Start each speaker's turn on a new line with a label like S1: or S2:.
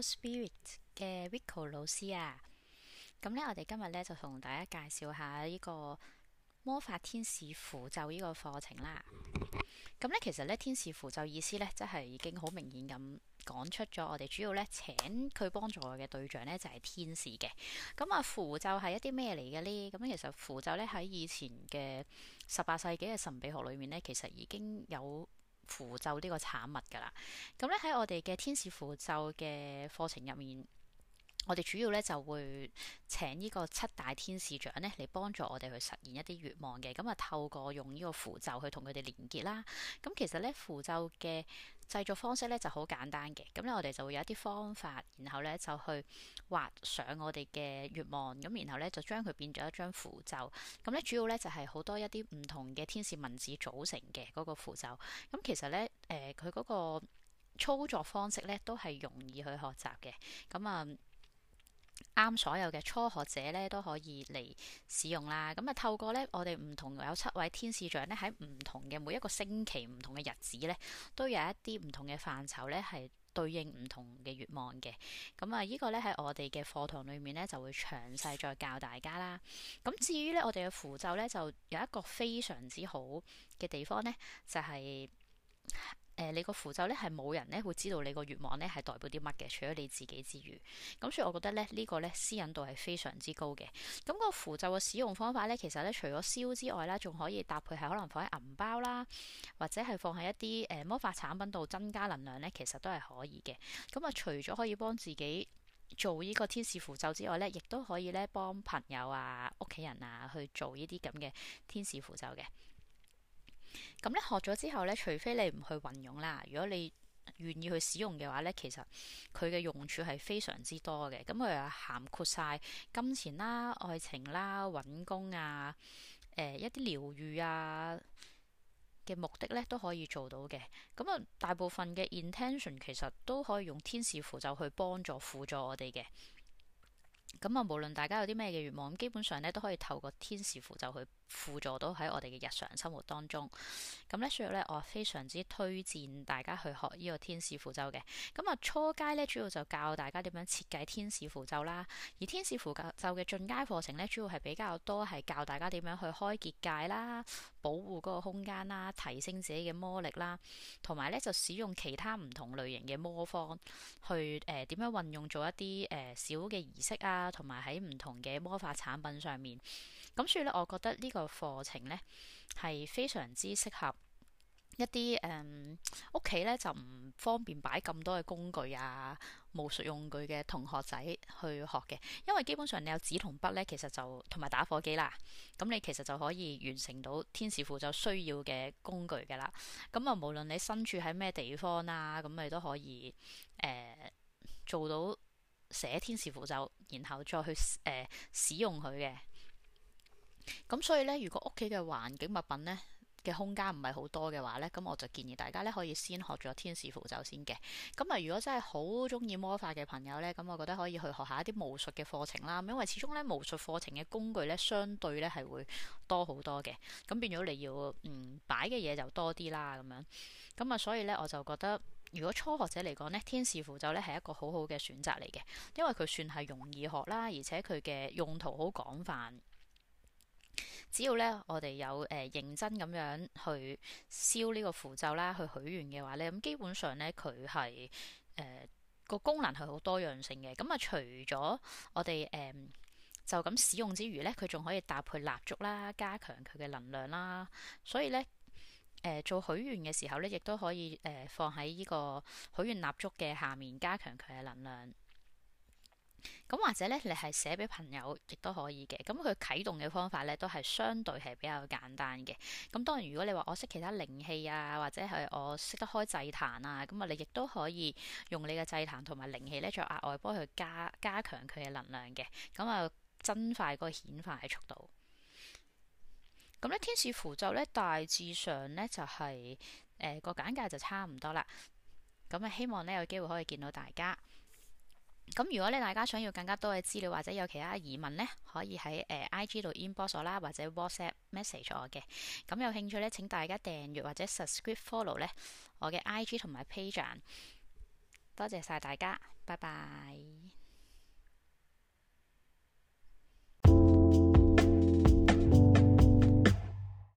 S1: Spirit 嘅 Vico 老師啊，咁咧我哋今日咧就同大家介紹下呢個魔法天使符咒呢個課程啦。咁咧其實咧天使符咒意思咧，即係已經好明顯咁講出咗。我哋主要咧請佢幫助我嘅對象咧就係、是、天使嘅。咁啊符咒係一啲咩嚟嘅呢？咁其實符咒咧喺以前嘅十八世紀嘅神秘學裏面咧，其實已經有。符咒呢個產物㗎喇，咁咧喺我哋嘅天使符咒嘅課程入面。我哋主要咧就會請呢個七大天使長咧嚟幫助我哋去實現一啲願望嘅咁啊，透過用呢個符咒去同佢哋連結啦。咁其實咧符咒嘅製作方式咧就好簡單嘅。咁咧我哋就會有一啲方法，然後咧就去畫上我哋嘅願望，咁然後咧就將佢變咗一張符咒。咁咧主要咧就係、是、好多一啲唔同嘅天使文字組成嘅嗰、那個符咒。咁其實咧誒，佢、呃、嗰個操作方式咧都係容易去學習嘅。咁啊～、嗯啱所有嘅初學者咧都可以嚟使用啦。咁啊，透過咧我哋唔同有七位天使長咧喺唔同嘅每一個星期唔同嘅日子咧，都有一啲唔同嘅範疇咧係對應唔同嘅願望嘅。咁啊，呢個咧喺我哋嘅課堂裏面咧就會詳細再教大家啦。咁至於咧我哋嘅符咒咧就有一個非常之好嘅地方咧就係、是。誒、呃，你個符咒咧係冇人咧會知道你個願望咧係代表啲乜嘅，除咗你自己之餘，咁所以我覺得咧呢、呢個咧私隱度係非常之高嘅。咁、個符咒嘅使用方法咧，其實咧除咗燒之外啦，仲可以搭配係可能放喺銀包啦，或者係放喺一啲誒、呃、魔法產品度增加能量咧，其實都係可以嘅。咁啊，除咗可以幫自己做呢個天使符咒之外咧，亦都可以咧幫朋友啊、屋企人啊去做呢啲咁嘅天使符咒嘅。咁咧、嗯、學咗之後咧，除非你唔去運用啦。如果你願意去使用嘅話咧，其實佢嘅用處係非常之多嘅。咁、嗯、佢又涵括晒金錢啦、愛情啦、揾工啊、誒、呃、一啲療癒啊嘅目的咧都可以做到嘅。咁、嗯、啊，大部分嘅 intention 其實都可以用天使符咒去幫助輔助我哋嘅。咁、嗯、啊，無論大家有啲咩嘅願望，咁基本上咧都可以透過天使符咒去。輔助到喺我哋嘅日常生活當中，咁咧所以咧我非常之推薦大家去學呢個天使符咒嘅。咁啊初階咧主要就教大家點樣設計天使符咒啦，而天使符咒嘅進階課程咧主要係比較多係教大家點樣去開結界啦、保護嗰個空間啦、提升自己嘅魔力啦，同埋咧就使用其他唔同類型嘅魔方去誒、呃、點樣運用做一啲誒、呃、小嘅儀式啊，同埋喺唔同嘅魔法產品上面。咁所以咧，我覺得呢個課程呢，係非常之適合一啲誒屋企呢，就唔方便擺咁多嘅工具啊、巫術用具嘅同學仔去學嘅，因為基本上你有紙同筆呢，其實就同埋打火機啦。咁你其實就可以完成到天使符咒需要嘅工具噶啦。咁啊，無論你身處喺咩地方啦，咁你都可以誒、呃、做到寫天使符咒，然後再去誒、呃、使用佢嘅。咁所以咧，如果屋企嘅環境物品咧嘅空間唔係好多嘅話咧，咁我就建議大家咧可以先學咗天使符咒先嘅。咁啊，如果真係好中意魔法嘅朋友咧，咁我覺得可以去學下一啲巫術嘅課程啦。因為始終咧巫術課程嘅工具咧相對咧係會多好多嘅，咁變咗你要嗯擺嘅嘢，就多啲啦。咁樣咁啊，所以咧我就覺得，如果初學者嚟講咧，天使符咒咧係一個好好嘅選擇嚟嘅，因為佢算係容易學啦，而且佢嘅用途好廣泛。只要咧，我哋有誒、呃、認真咁樣去燒呢個符咒啦，去許願嘅話咧，咁基本上咧，佢係誒個功能係好多樣性嘅。咁啊，除咗我哋誒就咁使用之餘咧，佢仲可以搭配蠟燭啦，加強佢嘅能量啦。所以咧，誒、呃、做許願嘅時候咧，亦都可以誒、呃、放喺呢個許願蠟燭嘅下面，加強佢嘅能量。咁或者咧，你係寫俾朋友亦都可以嘅。咁佢啟動嘅方法咧，都係相對係比較簡單嘅。咁當然，如果你話我識其他靈氣啊，或者係我識得開祭壇啊，咁啊，你亦都可以用你嘅祭壇同埋靈氣咧，再額外幫佢加加強佢嘅能量嘅。咁啊，增快嗰個顯化嘅速度。咁咧，天使符咒咧，大致上咧就係誒個簡介就差唔多啦。咁啊，希望咧有機會可以見到大家。咁如果咧，大家想要更加多嘅資料或者有其他疑問呢，可以喺誒、呃、IG 度 inbox 我啦，或者 WhatsApp message 我嘅。咁有興趣呢，請大家訂閱或者 subscribe follow 呢我嘅 IG 同埋 Page。多謝晒大家，拜拜。